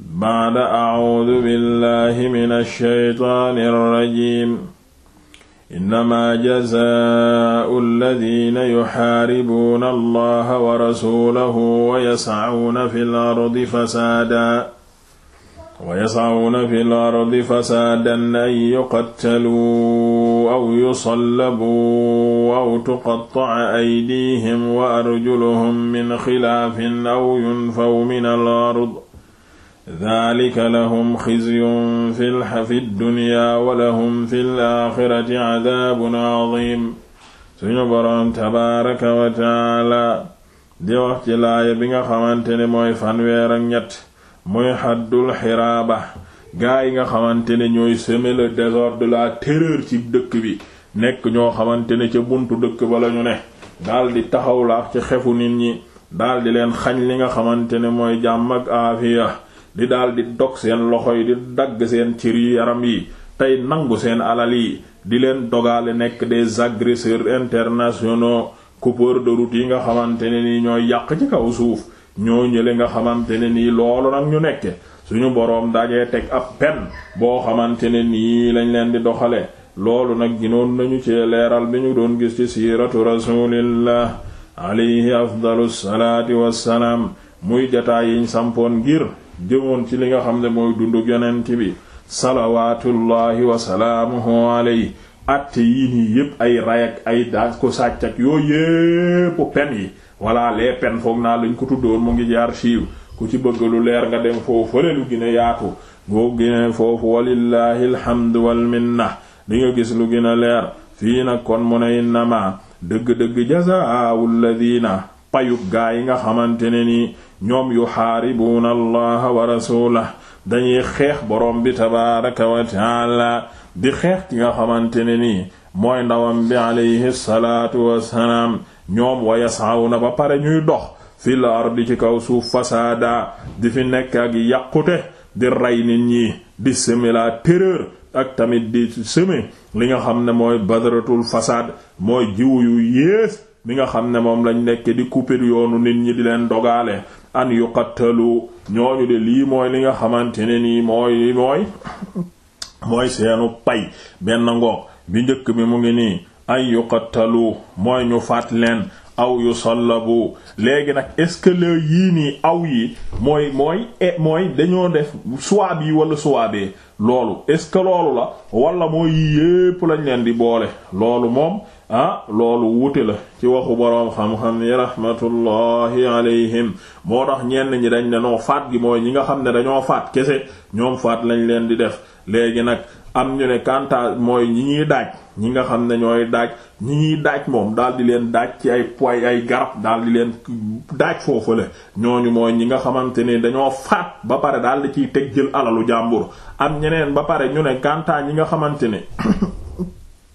baada acuudu billahi min alshaytaani alrajim innamaa jazaau alladina yuxaaribuuna allaha wa rasulahu wa yascuuna fi lardi fasaadaa wa yascuuna fi lardi fasaadan an yuqattaluu aw yusallabuu aw tuqattaca aydiihim wa arjuluhum min xilaafin aw yunfaw min alard daalika lahum xizyun fi dunya wa lahum fi laaxirati cadaabun cadiim suñu boroom tabaaraka wa taala di wax ci laaya bi nga xamante ne mooy fanweer ak ñett mooy xaddul xiraaba gaa yi nga xamante ne ñooy semer le désordre la terreur ci dëkk bi nekk ñoo xamante ne ca buntu dëkk ba lañu ne daldi taxaw la ci xefu nit ñi daldi leen xañ li nga xamante ne mooy jàmm ak aafiya li daal di dog seen loxo yi di dagg seen cër yi yaram yi tey nangu seen alal yi di leen dogaale nekk des agresseurs internationaux coupeurs de yi nga xamante ne nii ñoo yàq ci kaw suuf ñoo ñële nga xamante ne nii loolu nag ñu nekke suñu boroom dajee teg ab pen boo xamante ne nii lañ leen di doxale loolu nag ginoon nañu ci leeral bi ñu doon gis ci siiratu rasulillah alayhi afdalu salaati wassalaam muy jataay yiñ sampoon ngir jëmoon ci li nga xam ne mooy dundug yonent bi salawaatullahi wasalaamuhu alayhi atte yii nii yépp ay ray ak ay da ko sàcc ak yooyu yépp pen yi voilà les peines foog naa luñ ko tuddoon mu ngi jaar siiw ku ci bëgg lu leer nga dem foofu fële lu gën yaatu boo gënee foofu walillahi alhamdu wal minna li nga gis lu gën a leer fii nag kon mu ne innama dëgg-dëgg jazaa'ul ladina payug gaa yi nga xamante ne nii ñoom yuxaaribuuna allaha wa rasulah dañuy xeex boroom bi tabaaraka wa taala di xeex ki nga xamante ne nii mooy ndawam bi alayhi salaatu wassalaam ñoom wa yasawna ba pare ñuy dox fil ardi ci kaw suuf fasaada di fi nekk ak yàqute di ray nit ñi di semer la ak tamit di semer li nga xam ne mooy badratul fasaad mooy jiwu yu yées mi nga xam ne moom lañ nekk di couper yoonu nit ñi di leen dogaale an yuqattalu ñooñu de lii mooy li nga xamante ne nii mooy mooy mooy seenu pay benn ngoog bi njëkk bi mu ngi nii an yuqattalu mooy ñu faat leen aw yu yusallabu léegi nag est-ce que yii nii aw yi mooy mooy eh, mooy dañoo def suwaab yi wala suwaabee loolu est-ce que loolu la wala mooy yii yépp lañ leen di boole loolu moom ah loolu wuti la ci waxu boroom xam-xam yi rahmatullahi alayhim moo tax ñenn ñi dañ ne noo faat gi mooy ñi nga xam ne dañoo faat kese ñoom faat lañ leen di def léegi nag am ñu ne kanta mooy ñi ñuy daaj ñi nga xam ne ñooy daaj ñi ñuy daaj moom daal di leen daaj ci ay poy ay garab daal di leen daaj foofu la ñooñu mooy ñi nga xamante ni dañoo faat ba pare daal di ciy teg jël alalu jàmbur am ñeneen ba pare ñu ne kanta ñi nga xamante ne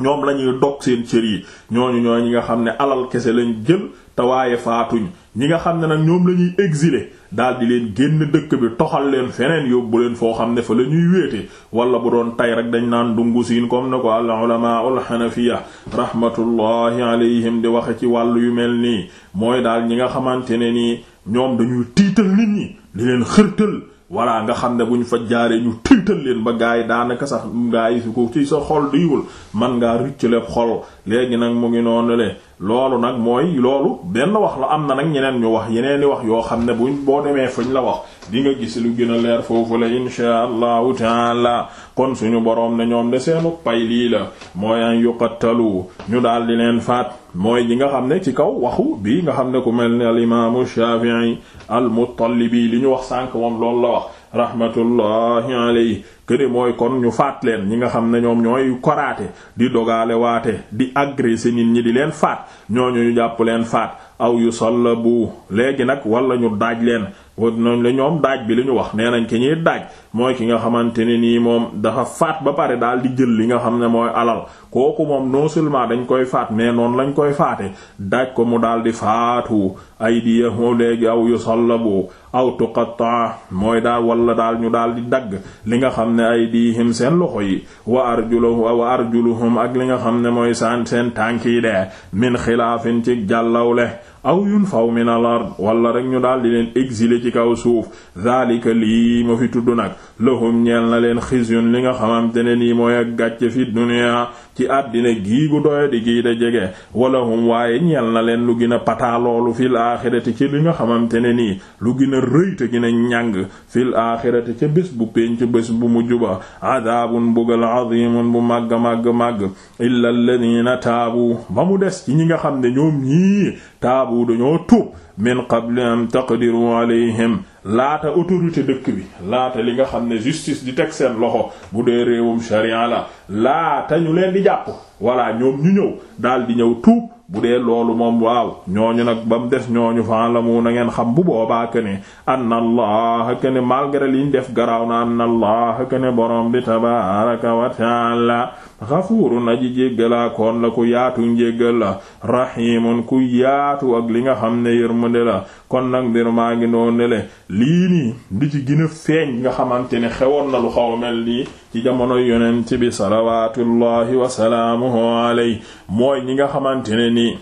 ñoom la ñuy dog seen cër yi ñooñu ñooy ñi nga xam ne alal kese lañ jël te waaye faatuñ ñi nga xam ne nag ñoom la ñuy exiler daal di leen génn dëkk bi toxal leen feneen yóbbu leen foo xam ne fa la ñuy wéete wala bu doon tay rek dañ naan dungu siin comme ne ko al ulama al hanafiya rahmatullahi alayhim di waxe ci wàll yu mel nii mooy daal ñi nga xamante ne nii ñoom dañuy tiital nit ñi di leen xërtal walla nga xam ne bu ñu fa jaaree ñu tiital leen ba gaa yi daanaka sax gaa yi su ko ci sa xol diwul man ngaa rëccaleeb xol léegi nag mu ngi noonu le loolu nag mooy loolu benn wax la am na nag ñeneen ñu wax yeneen i wax yoo xam ne bu ñu boo demee fuñ la wax di nga gis lu gën a leer foofu la insha allahu taala kon suñu boroom na ñoom de seenu pay lii la mooy an yuqattalu ñu daal leen faat mooy ñi nga xam ne ci kaw waxu bii nga xam ne ku mel ni al imaamu Shaafi'i al-Muttalibi li ñu wax sànk moom loolu la wax rahmatullahi alayhi këne mooy kon ñu faat leen ñi nga xam ne ñoom ñooy koraate di dogale waate di si nit ñi di leen faat ñooñu ñu jàpp leen faat aw yu yusallabu léegi nag wala ñu daaj leen noonu la ñoom daaj bi li ñu wax nee nañ ki ñuy daaj mooy ki nga xamante ne nii moom dafa faat ba pare daal di jël li nga xam ne mooy alal kooku moom non seulement dañ koy faat mais noonu lañ koy faate daaj ko mu daal di faatu aydiyahum léegi aw yu yusallabu aw tuqatta mooy daal wala daal ñu daal di dagg li nga xam ne ay aydihim seen loxo yi wa arjuluhum wa arjuluhum ak li nga xam ne mooy saan seen tànk yi de min xilaafin ci jàllawle aw yunfaw min al ard wala rek ñu daal di leen exiler ci kaw suuf zalika lii ma fi tudd nag lahum ñeel na leen xisyun li nga xamante ne nii mooy ak gàcce fi dunya ci àddina gii gu doye gii de jege wala hum waaye ñeel na leen lu gën a pataa loolu fil axirati ci li nga xamante ne nii lu gën a rëy te a ñàng fil axirati ca bés bu penc bés bu mujj ba adaabun bugal azimun bu màgg màgg màgg illa alladina taabu ba mu des ci ñi nga xam ne ñoom ñii taabu dañoo tuub min qabli an taqdiru alayhim laata autorité dëkk bi laata li nga xam ne justice di teg seen loxo bu dee réewum sharia la laata ñu leen di jàpp voilà ñoom ñu ñëw daal di ñëw tuub bu dee loolu moom waaw ñooñu nag ba mu des ñooñu fan la mu na ngeen xam bu boobaa que ne anna allah que ne malgré liñ def garaaw na anna allah que ne borom bi tabaaraka wa taala xafuurun ji jéggalaakoon la ku yaatu njéggal la rahimun ku yaatu ak li nga xam ne yërmande la kon nag mbir maa ngi noo nele lii nii di ci gën feeñ nga xamante ne xewoon na lu xaw mel nii ci jamono yonent bi salawatullahi wasalaamuhu aley mooy ñi nga xamante ne nii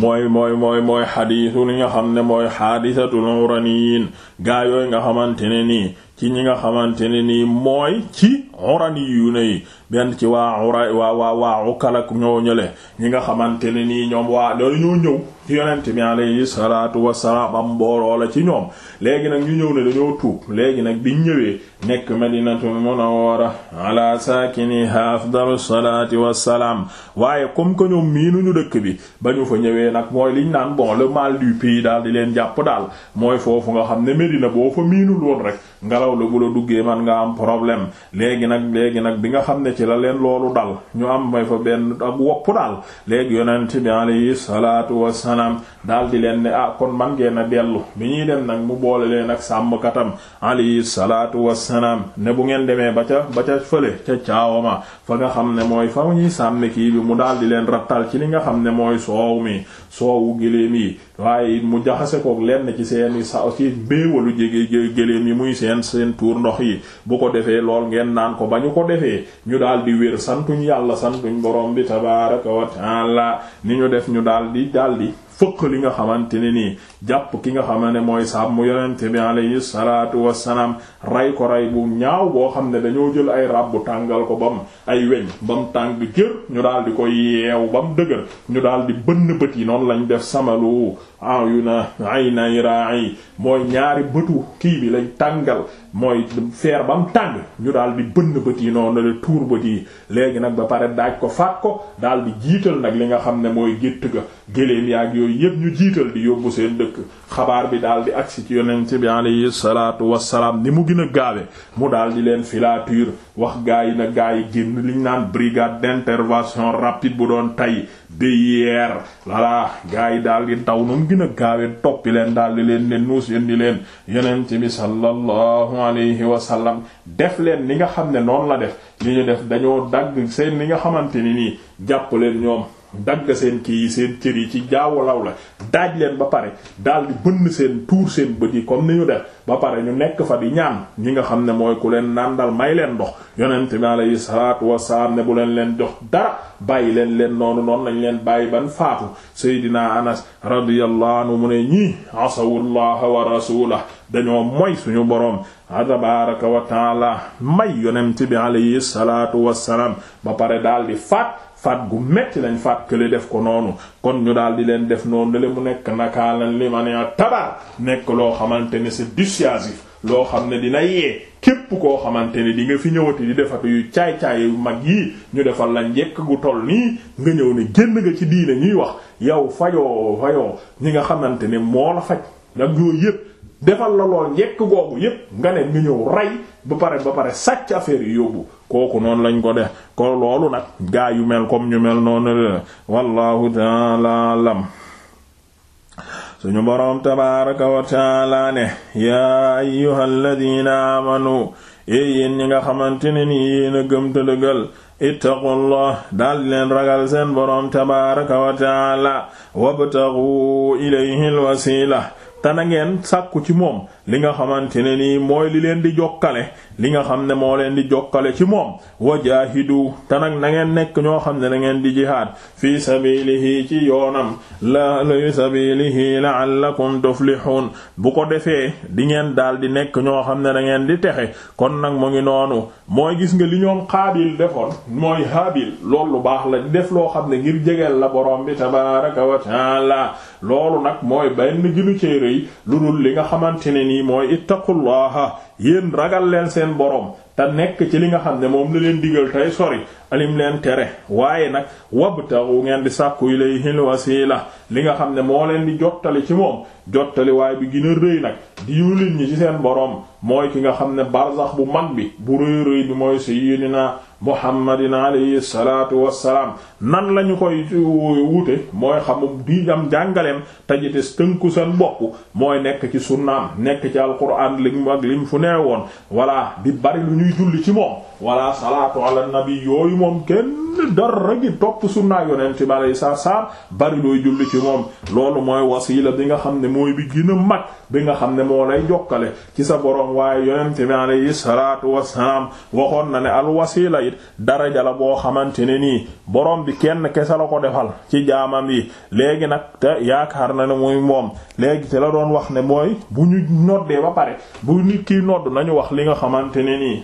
mooy mooy mooy mooy xadiisu li nga xam ne mooy xaadisatul uraniyin gaa yooyu nga xamante ne nii ci ñi nga xamante ne nii mooy ci orani yu ne yi benn ci waa ura waa waa waa ukalak ñoo ñële ñi nga xamante ne nii ñoom waa loolu ñoo ñëw ci yonent bi alayhi salaatu wassalaam am mbooloo la ci ñoom léegi nag ñu ñëw ne dañoo tuub léegi nag biñ ñëwee nekk madinatu munawwara ala saakiniha afdalu salaati wassalaam waaye comme que ñoom miinuñu dëkk bi ba ñu fa ñëwee nag mooy liñ naan bon le mal du pays daal di leen jàpp daal mooy foofu nga xam ne Medina boo fa miinul woon rek ngelaw la bu la duggee man nga am problème léegi nag léegi nag bi nga xam ne ci la leen loolu dal ñu am may fa benn ak wopp daal léegi yonent bi alayhi salaatu wassalaam daal di leen ne ah kon man geen a dellu bi ñuy dem nag mu boole leen ak sàmmkatam alayhi salaatu wassalaam ne bu ngeen demee ba ca ba ca fële ca caawama fa nga xam ne mooy fa ñuy sàmm kii bi mu daal di leen rattal ci li nga xam ne mooy soow mi soowu giléem yi waaye mu jaxase kook lenn ci seeni sa ci mbéewalu jege géléem yi muy seen seen tuur ndox yi bu ko defee lool ngeen naan ko ba ñu ko defee ñu daal di wér santuñ yàlla santuñ borom bi tabaaraka wa taala ni ñu def ñu daal di daal di fëq li nga xamante ne nii jàpp ki nga xamante ne mooy mu yonente bi alayhi salaatu wassalaam ray ko ray bu ñaaw boo xam ne dañoo jël ay ràbbu tàngal ko bam ay weñ bam tàng jër ñu daal ko koy yeew bam dëgër ñu daal di bënn bët yi noonu lañu def samalu ayuna ay nay rai mooy ñaari bëtu kii bi lañ tàngal mooy feer ba mu tàng ñu daal di bënn bët yi noonu la tuur bët yi léegi nag ba pare daaj ko faat ko daal di jiital nag li nga xam ne mooy gétt ga géléem yaag yooyu yépp ñu jiital di yóbbu seen dëkk xabaar bi daal di agsi ci yonent bi alayhi salaatu wassalaam ni mu gën a gaawe mu daal di leen filature wax gaa yi na gaa yi génn liñ naan brigade d'intervention rapide bu doon tay déyeer voilà gars yi daal di taw nu mu gën a gaawee toppi leen daal di leen ne nuus di leen yonent bi sallallahu alayhi wa sallam def leen li nga xam ne noonu la def li ñu def dañoo dagg seen li nga xamante ni nii jàpp leen ñoom. dagg seen kii yi seen cër yi ci law la daaj leen ba pare daal di bënn seen tuur seen bët yi comme ni ñu def ba pare ñu nekk fa di ñaan ñi nga xam ne mooy ku leen naan dal may leen ndox yonent bi alayhi salaatu wasalaam ne bu leen leen jox dara bàyyi leen leen noonu noonu lañ leen bàyyi ban faatu Seydina Anas radiyallahu anhu mu ne ñii asawullaha wa rasulah dañoo moy suñu boroom tabaraka wa taala may yonent bi alayhi salaatu wasalaam ba pare daal di faat faat gu metti lañ faat kële def ko noonu kon ñu daal di leen def noonu le mu nekk nakaalan li ma ne tabar nekk loo xamante ne c'est dissuasif loo xam ne dina yee képp koo xamante ne di nga fi ñëwati di defatu yu caay-caay yu mag yii ñu defal la njekk gu toll nii nga ñëw ni génn nga ci diine ñuy wax yow fajoo fajoo ñi nga xamante ne moo la faj ak yooyu yépp defal la lool njekk googu yépp nga ne nga ñëw rey ba pare ba pare sàcc affaire yi yóbbu kooku noonu lañ ko def ko loolu nag gaa yu mel comme ñu mel noonu la wallahu ta'ala alam suñu boroom tabaaraka wa ta'ala ne yaa ayyuhal ladina amanu eey yéen ñi nga xamante ne ni yéen a gëm te dal leen ragal seen boroom tabaaraka wa ta'ala wabtaghu ilayhi alwasila te na ngeen sàkku ci moom li nga xamante ne nii mooy li leen di jokkale li nga xam ne moo leen di jokkale ci moom wajahidu te nag na ngeen nekk ñoo xam ne na ngeen di jihaad fii sabilihi ci yoonam la fi sabilihi la'allakum tuflihun bu ko defee di ngeen daal di nekk ñoo xam ne da ngeen di texe kon nag mu ngi noonu mooy gis nga li ñoom xaabil defoon mooy haabil loolu lu baax la def loo xam ne ngir jegeel la borom bi tabaaraka wa ta'ala loolu nag mooy benn ginu cee rëy lu dul li nga xamante ne nii mooy ittaqullaha yéen ragal leen seen borom te nekk ci li nga xam ne moom la leen digal tey sori lim leen tere waaye nag wu ngeen di sàkku ilayhil wasila li nga xam ne moo leen di jottali ci moom jottali waaye bi gën a rëy nag di yulit ñi ci seen boroom mooy ki nga xam ne barzax bu mag bi bu rëy rëy bi mooy si sayyidina muhammadin alayhi salaatu wassalaam nan lañu koy wute mooy xamum di am jàngaleem tajites tënku seen bokk mooy nekk ci sunnaam nekk ci alquran lim ak lim fu nee woon walla di bari lu ñuy julli ci moom walla salaatu ala moom kenn dara gi topp sunnaa yonent bi alayhi salaatu salaam bari looy julli ci moom loolu mooy wasiila bi nga xam ne mooy bi gën mag bi nga xam ne moo lay jokkale ci sa boroom waaye yonent bi salaatu wassalaam waxoon na ne al wasiila it daraja la boo xamante ne nii borom bi kenn kese la ko defal ci jaamam yi léegi nag te yaakaar na ne muy moom léegi ci la doon wax ne mooy bu ñu noddee ba pare bu nit ki nodd nañu wax li nga xamante ne nii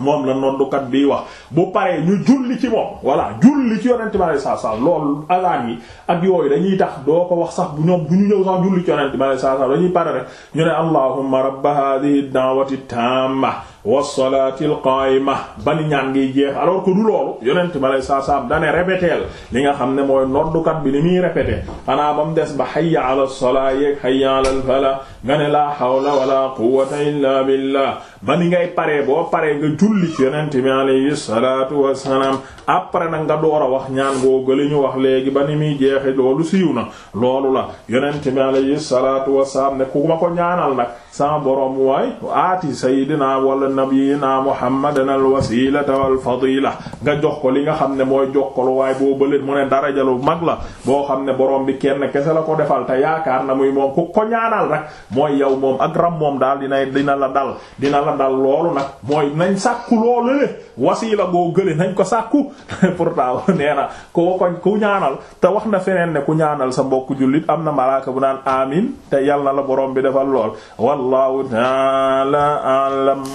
moom la noddukat bi wax bu paree ñu julli ci moom voilà julli ci yonent ma alayhi salaatu salaam loolu azaan yi ak yooyu dañuy tax doo ko wax sax bu ñoom bu ñu ñëw sax julli ci yonent bi alayhi salaatu salaam dañuy pare rek ñu ne allahumma rabba hadhihi da'wati tamma wassalaati alqaayima bani ñaan ngiy jeex alors que du loolu yonent bi alayhi salaatu salaam dane répéteel li nga xam ne mooy noddukat bi ni muy répété xanaa ba mu des ba hayya ala salaa yeeg hayya ala al fala nga ne laa hawla wala quwwata illa billah ba ni ngay paree boo paree nga julli ci yonent bi alayhi salaatu wassalaam après nag nga door a wax ñaan ngoo gëli ñu wax léegi ba ni muy jeexe loolu siiw na loolu la yonent bi alayhi salaatu wassalaam ne ku ma ko ñaanal nag sama borom waay aati sayidina wala nabiyina muhammadan al wasilata wal fadila nga jox ko li nga xam ne mooy jox ko waaye boo bële mu ne darajalu mag la boo xam ne borom bi kenn kese la ko defal te yaakaar na muy moom ku ko ñaanal rek mooy yow moom ak ram moom daal dina dina la dal dina la dal loolu nag mooy nañ sàkku loolu le wasiila boo gële nañ ko sàkku pourtant nee na koo koñ ku ñaanal te wax na feneen ne ku ñaanal sa mbokku jullit am na malaaka bu naan amin te yal na la borom bi defal lool wallahu ta'ala a'lam